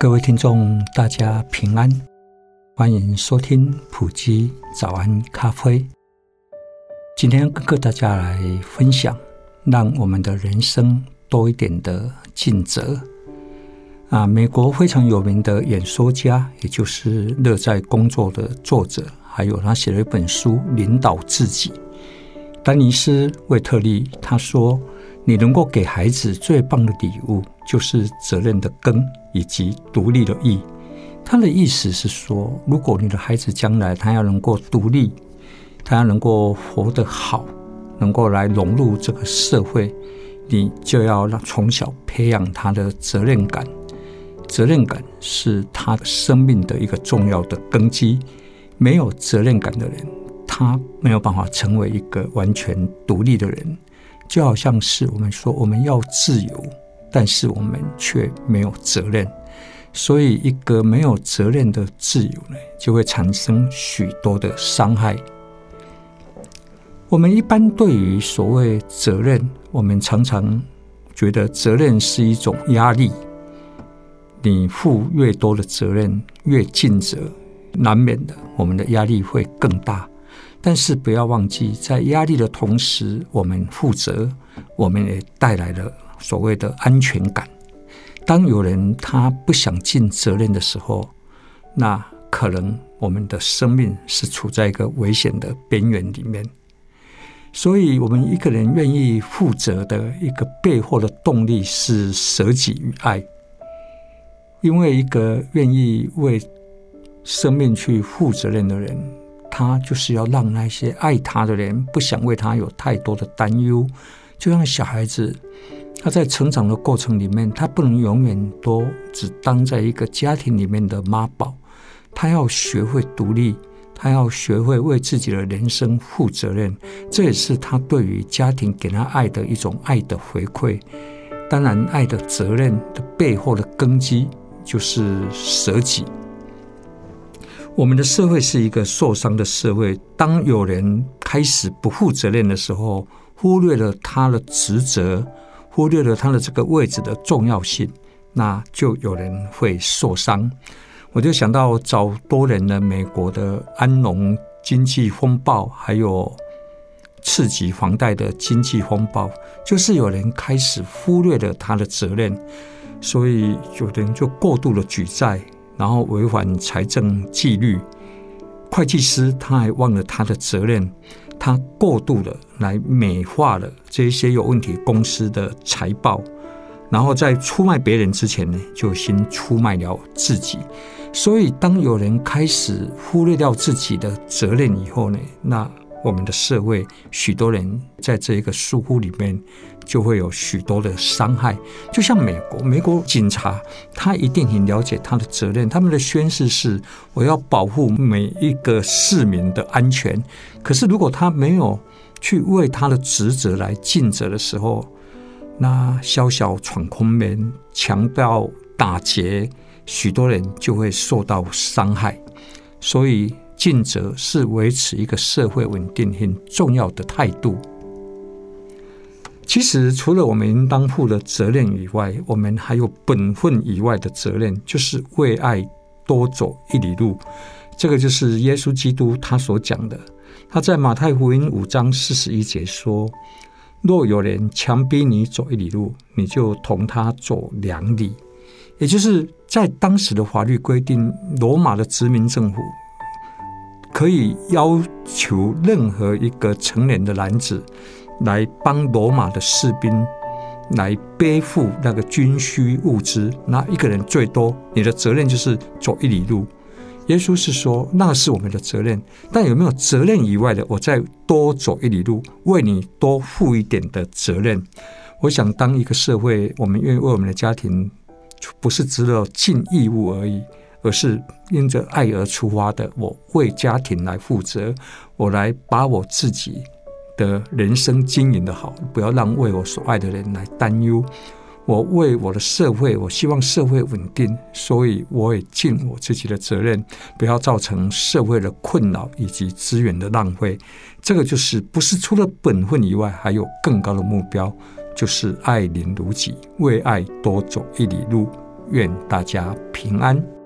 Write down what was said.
各位聽眾，大家平安，歡迎收聽埔基早安咖啡。今天跟各位大家來分享，讓我們的人生多一點的盡責。啊，美國非常有名的演說家，也就是樂在工作的作者，還有他寫了一本書《領導自己》，丹尼斯·威特利他說。你能夠給孩子最棒的禮物，就是責任的根以及獨立的意。他的意思是說，如果你的孩子將來他要能夠獨立，他要能夠活得好，能夠來融入這個社會，你就要讓從小培養他的責任感。責任感是他的生命的一個重要的根基。沒有責任感的人，他沒有辦法成為一個完全獨立的人。就好像是我們說，我們要自由，但是我們卻沒有責任，所以一個沒有責任的自由呢，就會產生許多的傷害。我們一般對於所謂責任，我們常常覺得責任是一種壓力，你負越多的責任，越盡責，難免的，我們的壓力會更大。但是不要忘記，在壓力的同時，我們負責，我們也帶來了所謂的安全感。當有人他不想盡責任的時候，那可能我們的生命是處在一個危險的邊緣裡面。所以，我們一個人願意負責的一個背後的動力是舍己與愛。因為一個願意為生命去負責任的人。他就是要讓那些愛他的人不想為他有太多的擔憂，就像小孩子，他在成長的過程裡面，他不能永遠都只當在一個家庭裡面的媽寶，他要學會獨立，他要學會為自己的人生負責任，這也是他對於家庭給他愛的一種愛的回饋。當然，愛的責任的背後的根基就是舍己。我們的社會是一個受傷的社會。當有人開始不負責任的時候，忽略了他的職責，忽略了他的這個位置的重要性，那就有人會受傷。我就想到早多年的美國的安農經濟風暴，還有次級房貸的經濟風暴，就是有人開始忽略了他的責任，所以有人就過度的舉債。然後違反財政紀律，會計師他還忘了他的責任，他過度的來美化了這些有問題公司的財報，然後在出賣別人之前呢，就先出賣了自己。所以當有人開始忽略掉自己的責任以後呢，那。我們的社會，許多人在這一個疏忽裡面，就會有許多的傷害。就像美國，美國警察，他一定很了解他的責任。他們的宣誓是：我要保護每一個市民的安全。可是，如果他沒有去為他的職責來盡責的時候，那小小闖空門、強盜打劫，許多人就會受到傷害。所以，盡責是維持一個社會穩定很重要的態度。其實，除了我們應當負的責任以外，我們還有本分以外的責任，就是為愛多走一里路。這個就是耶穌基督他所講的。他在馬太福音五章四十一節說：“若有人強逼你走一里路，你就同他走兩裡。”也就是在當時的法律規定，羅馬的殖民政府。可以要求任何一個成年的男子來幫羅馬的士兵來背負那個軍需物資。那一個人最多，你的責任就是走一里路。耶穌是說，那是我們的責任。但有沒有責任以外的？我再多走一里路，為你多負一點的責任。我想，當一個社會，我們願意為我們的家庭，不是只有盡義務而已。而是因着愛而出發的。我為家庭來負責，我來把我自己的人生經營得好，不要讓為我所愛的人來擔憂。我為我的社會，我希望社會穩定，所以我也盡我自己的責任，不要造成社會的困擾以及資源的浪費。這個就是不是除了本分以外，還有更高的目標，就是愛人如己，為愛多走一里路。願大家平安。